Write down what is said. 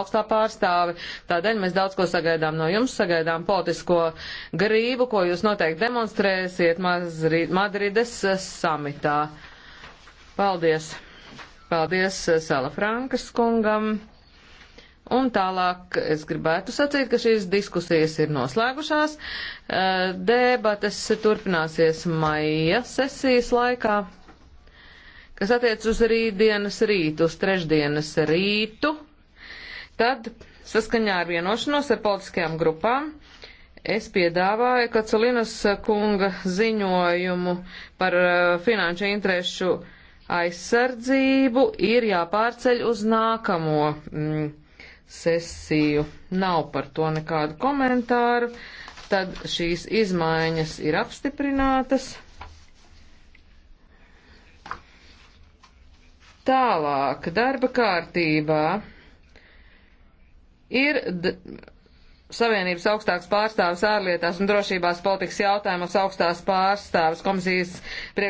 augstā pārstāve. Tādēļ mēs daudz ko sagaidām no jums, sagaidām politisko grību, ko jūs noteikti demonstrēsiet Mazri Madrides eh, samitā. Paldies! Paldies eh, Sala Frankas kungam! Un tālāk es gribētu sacīt, ka šīs diskusijas ir noslēgušās. Eh, debates turpināsies maija sesijas laikā, kas attiec uz rītdienas rītu, uz trešdienas rītu. Tad, saskaņā ar vienošanos ar politiskajām grupām, es piedāvāju Kaculinas kunga ziņojumu par uh, finanšu interešu aizsardzību ir jāpārceļ uz nākamo mm, sesiju. Nav par to nekādu komentāru. Tad šīs izmaiņas ir apstiprinātas. Tālāk, darba kārtībā ir Savienības augstāks pārstāvis ārlietās un drošībās politikas jautājumos augstās pārstāvis komisijas priekšsēdētājs.